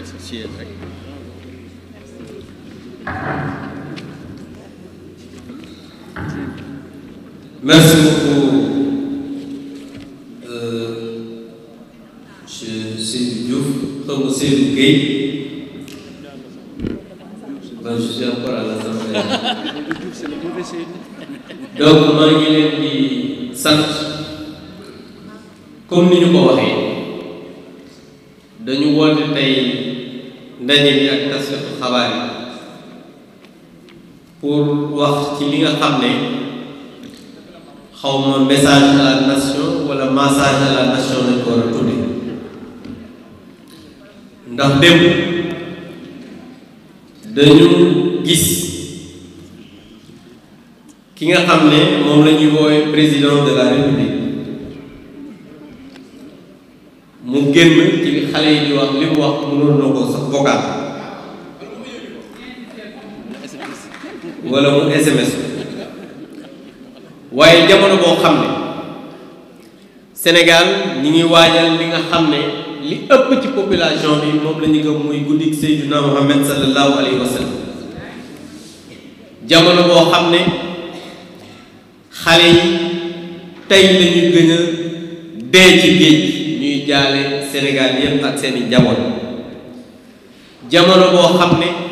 jëlee sa siège rek merci beaucoup monsieur Seydou Diouf xaw ma Seydou Guèye man je suis leen di sant pour wax ci li nga xam ne xawma ma message à la nation wala message à la nation lañ war a tudde ndax démb dañu gis ki nga xam ne moom lañuy ñuy président de la république mu génn ci xale yi di wax li mu wax mënoon na ko sax vocal wala mu SMS waaye jamono boo xam ne Sénégal ñi ngi waajal li nga xam ne li ëpp ci population bi moom la ñu gëm muy guddik Seydina Muhammad sallallahu alayhi wa jamono boo xam ne xale yi tey la ñu gën dee ci géej ñuy jaale Sénégal yépp ak seeni jamono jamono boo xam ne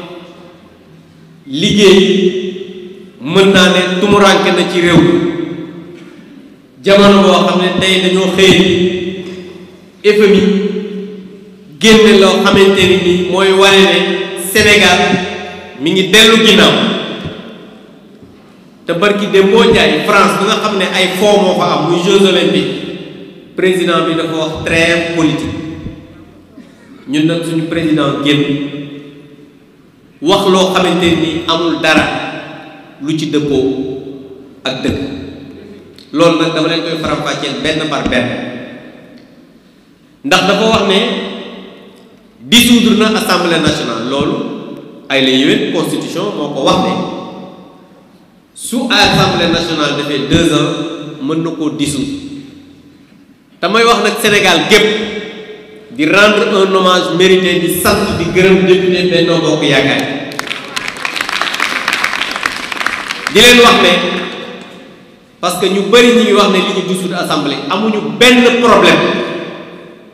liggéey mën naa ne tumuranke na ci réew mi jamono boo xam ne tey dañoo xëy FMI génne loo xamante ni ni mooy wane ne Sénégal mi ngi dellu ginnaaw te barki de moo njaay France bu nga xam ne ay foo moo fa am muy Jeux olympiques président bi dafa wax très politique ñun nag suñu président génn wax loo xamante nii amul dara lu ci dëppoo ak dëgg loolu nag dama leen koy faram benn par benn ndax dafa wax ne dissoudre na assemblée nationale loolu ay la yéwén constitution moo ko wax ne su assemblée nationale defee deux ans mën na koo dissoudre damay wax nag Sénégal gépp di rendre un hommage mérité di sant di gërëm député Benno Bokk Yaakaar di leen wax ne parce que ñu bëri ñi ngi wax ne li ñu dissoudre assemblée amuñu benn problème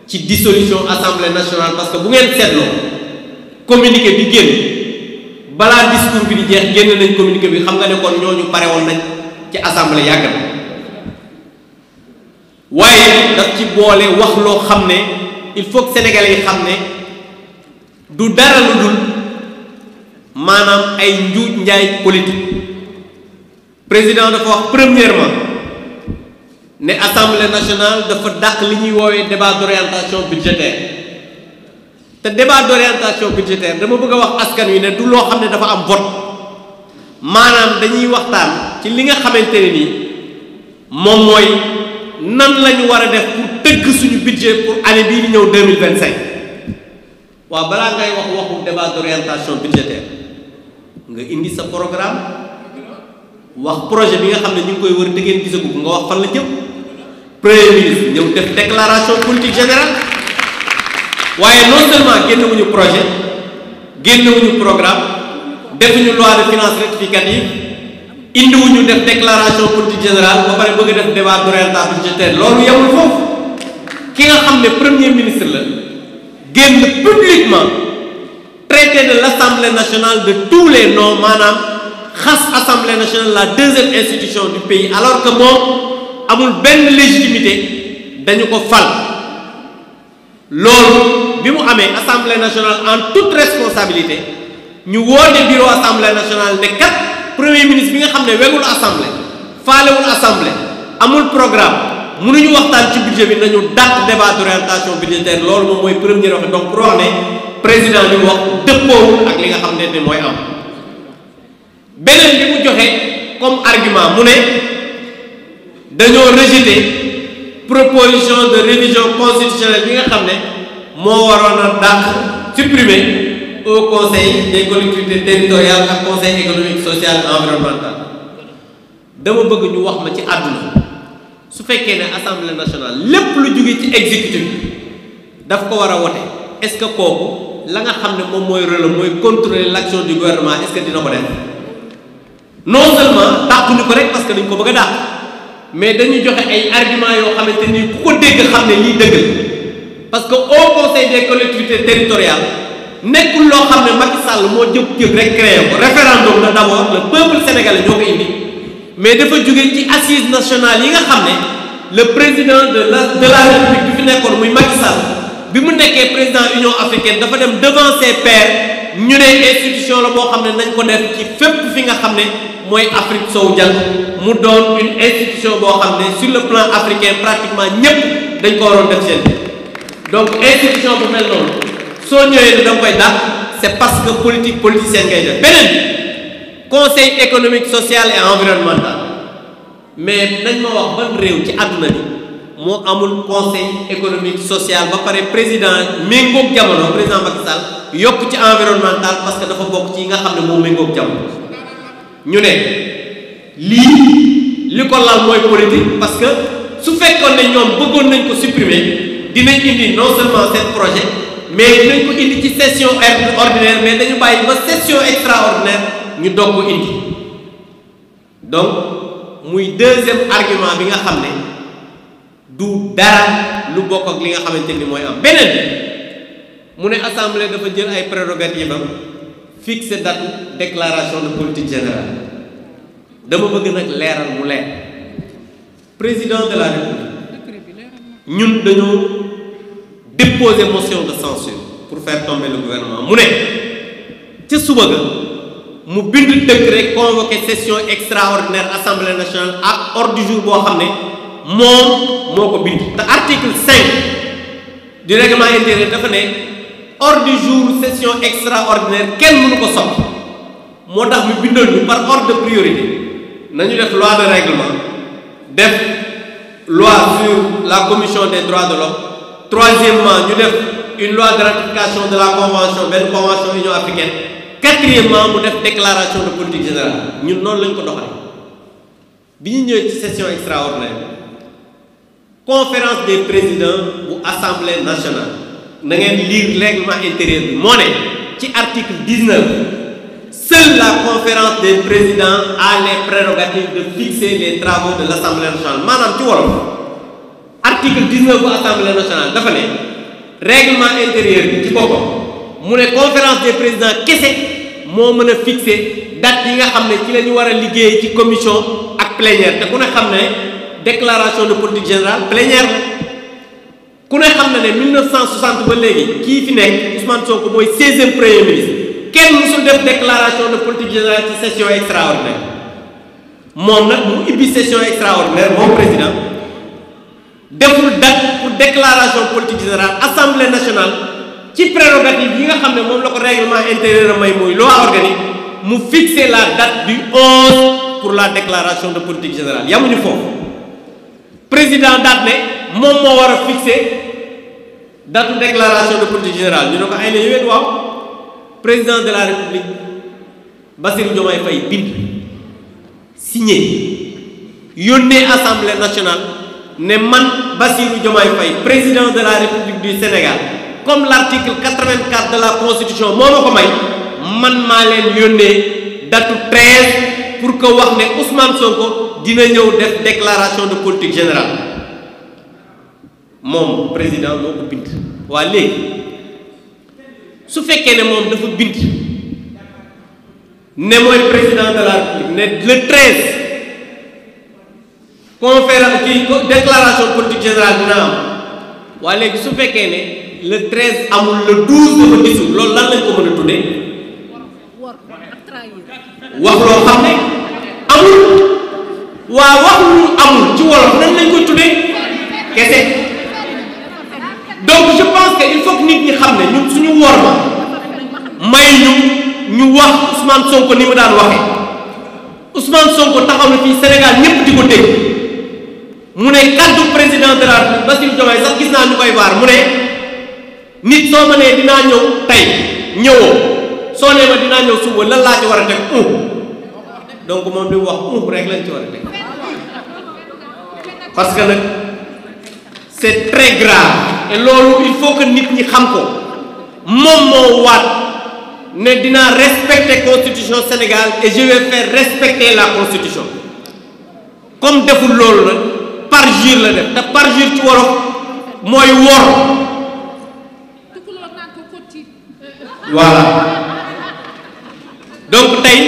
ci dissolution assemblée nationale parce que bu ngeen seetloo communiqué bi génn balaa discours bi di jeex génn nañ communiqué bi xam nga ne kon ñooñu pare woon nañ ci assemblée yàgg na waaye daf ci boole wax loo xam ne. il faut sénégal yi xam ne du dara lu dul maanaam ay njuuj njaay politique président dafa wax premièrement ne assemblée nationale dafa dàq li ñuy woowee débat d'orientation budgétaire te débat d'orientation budgétaire dama bëgg a wax askan wi ne du loo xam ne dafa am vote maanaam dañuy waxtaan ci li nga xamante ne nii moom mooy nan la ñu war a def pour tëgg suñu budget pour année bii di ñëw 2025 waaw balaa ngay wax waxu débat d'orientation budgétaire nga indi sa programme wax projet bi nga xam ne ñu ngi koy wër dëggeen gisagu nga wax fan la jëm premier ñëw def déclaration politique générale waaye non seulement génnewuñu projet génnewuñu programme defuñu loi de finances rectificative indiwuñu def déclaration politique générale ba pare bëgg def débat d'orientation budgétaire loolu yemul foofu ki nga xam ne premier ministre la génn publiquement traité de l'Assemblée nationale de tous les noms maanaam xas Assemblée nationale la deuxième institution du pays alors que moo amul benn légitimité dañu ko fal loolu bi mu amee Assemblée nationale en toute responsabilité ñu woote bureau Assemblée nationale ne kat premier ministre bi nga xam ne wegul assemblée faalewul assemblée amul programme mënuñu waxtaan ci budget bi nañu dàq débat d'orientation budgétaire loolu moom mooy premier wax donc pour wax ne président li mu wax dëppoowul ak li nga xam ne mooy am beneen bi mu joxe comme argument mu ne dañoo rejeter proposition de révision constitutionnelle bi nga xam ne moo waroon a dàq supprimer au conseil des collectivités territoriales ak conseil économique social environnemental dama bëgg ñu wax ma ci àdduna su fekkee ne assemblée nationale lépp lu jóge ci exécutif daf ko war a wote est-ce que kooku la nga xam ne moom mooy rôle mooy contrôler l'action du gouvernement est-ce que dina ko def non seulement dàquñu ko rek parce que dañ ko bëgg a dàq mais dañu joxe ay arguments yoo xamante ni ku ko dégg xam ne lii dëgg la parce que au conseil des collectivité territoriales nekkul loo xam ne Macky sàll moo jëkk-jëkk rek créé ko référendum la d'abord le peuple sénégalais ñoo ko indi mais dafa jóge ci assises nationale yi nga xam ne le président de la de la république bi fi nekkoon muy Macky Sall bi mu nekkee président Union africaine dafa dem devant ses pairs ñu ne institution la boo xam ne nañ ko def ci fépp fi nga xam ne mooy Afrique sow jant mu doon une institution boo xam ne sur le plan africain pratiquement ñépp dañ ko waroon def seen donc soo ñëwee ni da nga koy dàq c'est parce que politique politicienne ngay def beneen conseil économique social et environnemental mais nañ ma wax ban réew ci àdduna bi moo amul conseil économique social ba pare président méngoog jamono président Macky Sall yokk ci environnemental parce que dafa bokk ci nga xam ne moom méngoog jamono ñu ne lii li ko lal mooy politique parce que su fekkoon ne ñoom bëggoon nañ ko supprimer dinañ indi non seulement seen projet mais dinañ ko indi ci session ordinaire mais dañu bàyyi ba session extraordinaire ñu doog mu indi donc muy deuxième argument bi nga xam ne du dara lu bokk ak li nga xamante ni mooy am beneen bi mu ne assemblée dafa jël ay prérogatives am fixé date déclaration de politique générale dama bëgg nag leeral mu leer président de la république ñun dañoo déposer motion de censure pour faire tomber le gouvernement mu ne ca suba ga mu bind décret convoqué session extraordinaire assemblée nationale ak ordre jour boo xam ne moom moo ko bind te article 5 du règlement dafa ne ordre jour session extraordinaire kenn mënu ko soppi moo tax mu bindoon ñu par ordre de def loi de règlement def loi sur la commission des droits de l'homme troisièmement ñu def une loi de ratification de la convention benn convention union africaine quatrièmement mu def déclaration de politique générale ñun noonu lañ ko doxale bi ñu ñëwee ci session extraordinaire conférence des présidents bu assemblée nationale na ngeen lire règlement intérieur bi moo ne ci article 19 seule la conférence des présidents a les prérogatives de fixer les travaux de l'assemblée nationale maanaam ci wolof article 19 bu assemblée nationale dafa ne règlement intérieur bi ci boppam mu ne conférence des présidents kese moo mën a fixer date yi nga xam ne ci la ñu war a liggéey ci commission ak plénière te ku ne xam ne declaration de politique générale plénière ku ne xam ne ne 1960 ba léegi kii fi nekk Ousmane Sonko mooy 16e premier ministre kenn musul def déclaration de politique générale ci session extraordinaire moom nag mu ibbi session extraordinaire moom président. deful date pour déclaration politique générale assemblée nationale ci prérogative yi nga xam ne moom la ko règlement intérieur a may mooy loi organique mu fixer la date du 11 pour la déclaration de politique générale yamuñu foofu président daat ne moom moo war a fixer datu déclaration de politique générale ñu ne ko ay na yowet waaw président de la république Bassirou Diomaye Faye bind signé yónnee assemblée nationale ne man Bassirou Diomaye Faye président de la République du Sénégal comme l'article 84 de la constitution moo ma ko may man maa leen yónnee datu 13 pour que wax ne Ousmane Sonko dina ñëw def déclaration de politique général moom président moo ko bind waa léegi su fekkee ne moom dafa bind ne mooy président de la République ne le 13 conférence kii déclaration politique générale dina am waaye léegi su fekkee ne le treize amul le douze dafa gisul loolu lan lañ ko mën a tuddee wax loo xam ne amul waa wax lu amul ci wolof nan lañ koy tuddee kese donc je pense que il faut que nit ñi xam ne ñun suñu wor ma may ñu ñu wax Ousmane Sonko ni mu daan waxee Ousmane Sonko taxaw na fii Sénégal ñëpp di ko dégg. mu ne kaddu président de ba République Bassirou Diomaye sax gis naa ñu koy waar mu ne nit soo ma nee dinaa ñëw tey ñëwoo soo nee ma dinaa ñëw suba lan ci war a teg un uh. donc moom li mu wax un uh, rek lañ ci war a teg parce que nag c'est très grave et loolu il faut que nit ñi xam ko moom moo waat ne dinaa respecter constitution Sénégal et je vais faire respecter la constitution comme deful loolu nag parjure la def te parjure ci wolof mooy wor voilà donc tey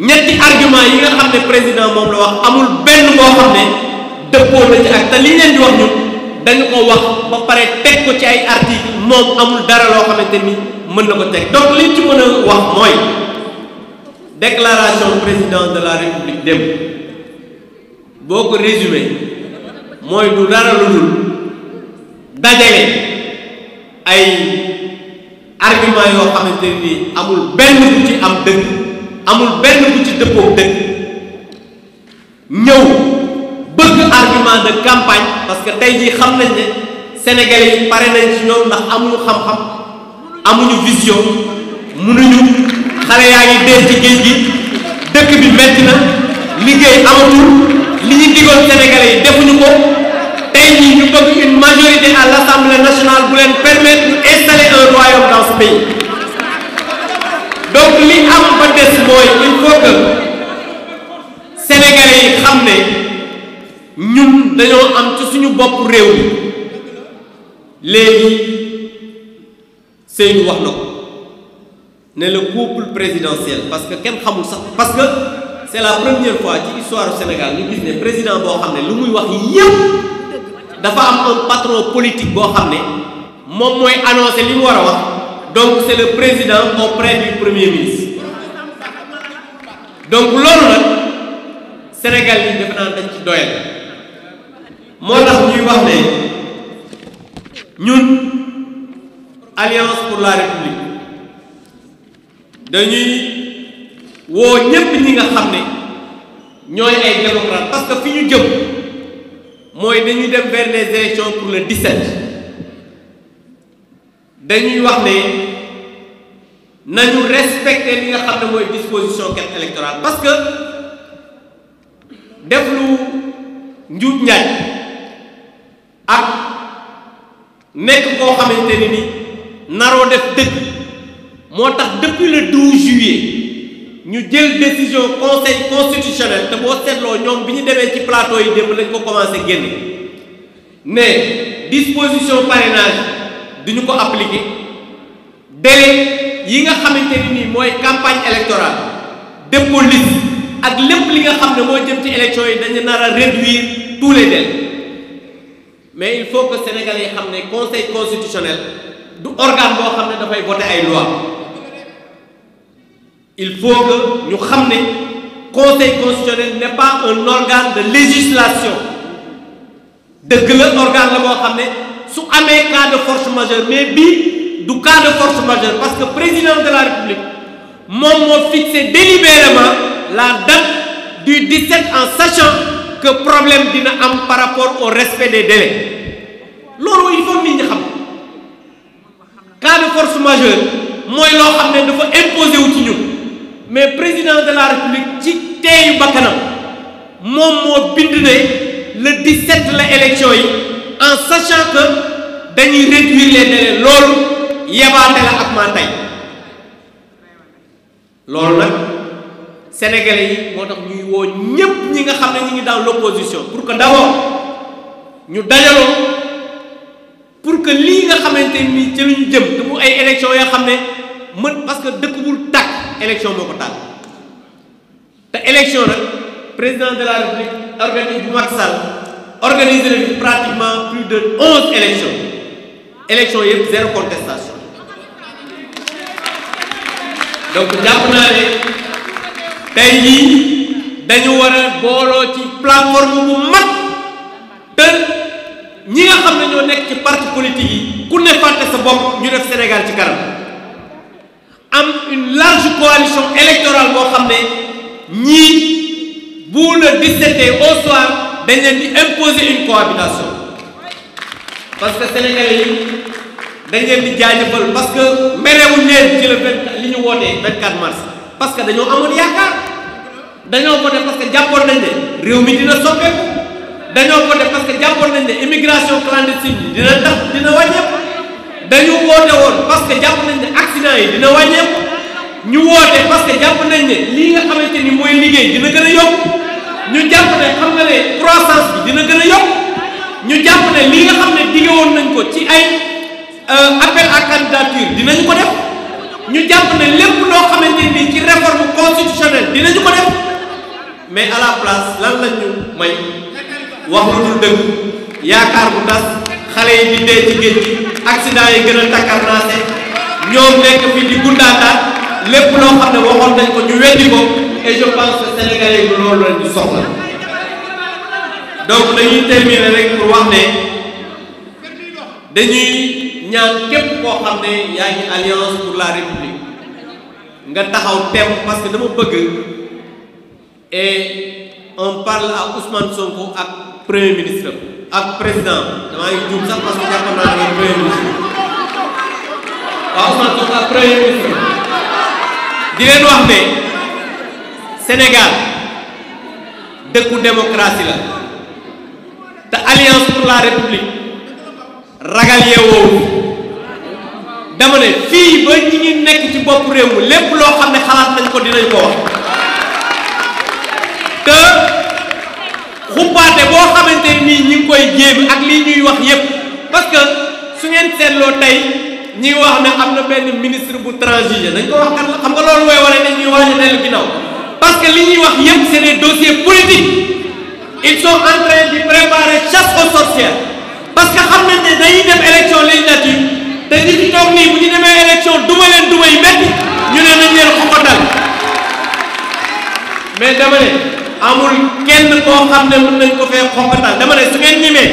ñetti argument yi nga xam ne président moom la wax amul benn moo xam ne dëppoo na ci ak te li leen di wax ñun dañu ko wax ba pare teg ko ci ay article moom amul dara loo xamante ni mën na ko teg donc liñ ci mën a wax mooy déclaration président de la république démb boo ko résumé mooy du dara lu dul dajale ay argument yoo xam xamante ni amul benn bu ci am dëgg amul benn bu ci dëppoo dëgg ñëw bëgg argument de campagne parce que tey jii xam nañ ne yi pare nañ ci ñoom ndax amuñu xam-xam amuñu vision mënuñu xale yaa ngi dee ci géej gi dëkk bi metti na liggéey amatul. li ñu digoon Sénégalais yi defuñu ko tey jii ñu bëgg une majorité à l'Assemblée nationale bu leen permettre ñu installer un royaume dans ce pays donc li am ba des mooy il faut que Sénégalais yi xam ne ñun dañoo am ci suñu bopp réew mi léegi Seydou wax na ko ne le couple présidentiel parce que kenn xamul sax parce c'est la première fois ci histoire Sénégal ñu gis ne président boo xam ne lu muy wax yépp dafa am un patron politique boo xam ne moom mooy annoncé li mu war a wax donc c'est président auprès du premier ministre donc loolu nag Sénégal yi def naa dañ ci doyal moo tax ñuy wax ne ñun alliance pour la république dañuy woo ñépp ñi nga xam ne ñooy ay démocrate parce que fi ñu jëm mooy dañuy dem vers les élections pour le dañuy wax ne nañu respecter li nga xam ne mooy disposition carte électorale parce que def lu njuuj njaaj ak nekk koo xamante ne ni naroo def dëkk moo tax depuis le 12 juillet ñu jël décision conseil constitutionnel te boo seetloo ñoom bi ñu demee ci plateau yi démb lañ ko commencé génn ne disposition parrainage duñu ko appliquer délai yi nga xamante ni mooy campagne électorale dépôt liste ak lépp li nga xam ne moo jëm ci élection yi dañu nar a réduire tous les délais mais il faut que sénégal yi xam ne conseil constitutionnel du organe boo xam ne dafay voter ay loi il faut que ñu xam ne conseil constitutionnel n'est pas un organe de législation dëgg la organe la boo xam ne su amee cas de force majeure mais bii du cas de force majeure parce que président de la république moom moo fixé délibérément la date du 17 en sachant que problème dina am par rapport au respect des délais loolu il faut nit ñi xam cas force majeure mooy loo xam ne dafa imposé ci ñun. mais président de la république ci teeyu bakkanam moom moo bind ne le 17 la élection yi en sachant que dañuy réduire les délais loolu yebaate la ak maa tey loolu nag sénégalais yi moo tax ñuy woo ñépp ñi nga xam ne ñi ngi dans l'opposition pour que d'abord ñu dajaloo pour que lii nga xamante ni ci lu ñu jëm te mu ay élection yoo xam ne mën parce que dëkk bul élection moo ko taal te élection nag président de la république organise bu Macky Sall organiser na pratiquement plus de onze élections élection yëpp zéro contestation donc jàpp naa ne tey jii dañu war a booloo ci plateforme bu mag te ñi nga xam ne ñoo nekk ci parti politique yi ku ne fàtte sa bopp ñu def Sénégal ci kanam. laal large coalition électorale boo xam ne ñii bu le 17 au soir dañ leen di imposer une cohabitation parce que sénégalais yi dañ leen di jaajëfal parce que merewuñ leen ci le vingt li ñu wootee 24 mars parce que dañoo amoon yaakaar dañoo voté parce que jàppoon nañ ne réew mi dina soppeeku dañoo voté parce que jàppoon nañ ne immigration clandestine bi dina tax dina wàññeeku dañu woote woon parce que jàpp nañ ne accident yi dina wàññeeku. ñu woote parce que jàpp nañ ne lii nga xamante ni mooy liggéey dina gën a yokk ñu jàpp ne xam nga ne croissance bi dina gën a yokk ñu jàpp ne lii nga xam ne dige nañ ko ci ay euh, appel à candidature dinañ ko def ñu jàpp ne lépp loo xamante ni ci réforme constitutionnelle dinañu ko def mais à la place lan lañ may wax lu dul dëgg yaakaar bu tas xale yi di dee ci géej gi accident yi gën a takkarnaase ñoom nekk fi di gundaataan lépp loo xam ne waxoon nañ ko ñu weddi ko et je pense que sénégalais loolu lañ soxla donc dañuy terminer rek pour wax ne dañuy ñaan képp koo xam ne yaa ngi alliance pour la république nga taxaw temm parce que dama bëgg et parle à Ousmane Sonko ak premier ministre ak président damaa ngi juum sax parce que jàpp premier ministre waaw Ousmane Sonko ak premier ministre. di leen wax ne Sénégal dëkku démocratie la te alliance pour la république ragal yeewoowu dama ne fii ba ñi ngi nekk ci bopp réew mi lépp loo xam ne xalaat nañ ko dinañ ko wax te xuppaate boo xamante nii ñi ngi koy jéem ak lii ñuy wax yépp parce que su ngeen seetloo tey ñi wax ne am na benn ministre bu transiger dañ ko wax kan la xam nga loolu mooy wane ne ñuy waaj a dellu ginnaaw parce que li ñuy wax yëpp c'est des dossiers politiques ils sont en train de préparer chasse parce que xam nañ ne dañuy dem élection législative te ñi ci toog nii bu ñu demee élection duma leen duma yi métti ñu ne nañ leen xoxotal mais dama ne amul kenn koo xam ne mën nañ ko fee xoxotal dama ne su ngeen ñimee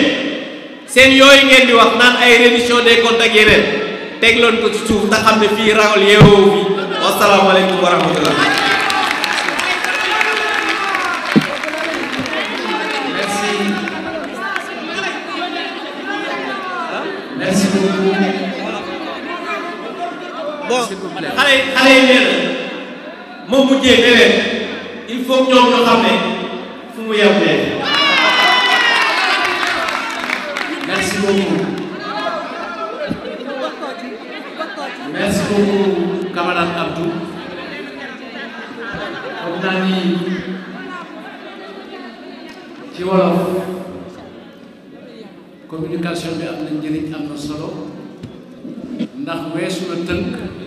seen yooyu ngeen di wax naan ay reddition des comptes ak yeneen tegloon ko ci suuf te xam ne fii rawal yeewoo bi wasalaamaaleykum wa rahmatullah merci merci beaucoup bon xale yi xale yi nee na moom mujjee ne leen il faut ñoom ñoo xam ne fu mu yem leen merci beaucoup al abdu foog naa ni ci wolof communication bi am na njëriñ am na solo ndax weesu na tënk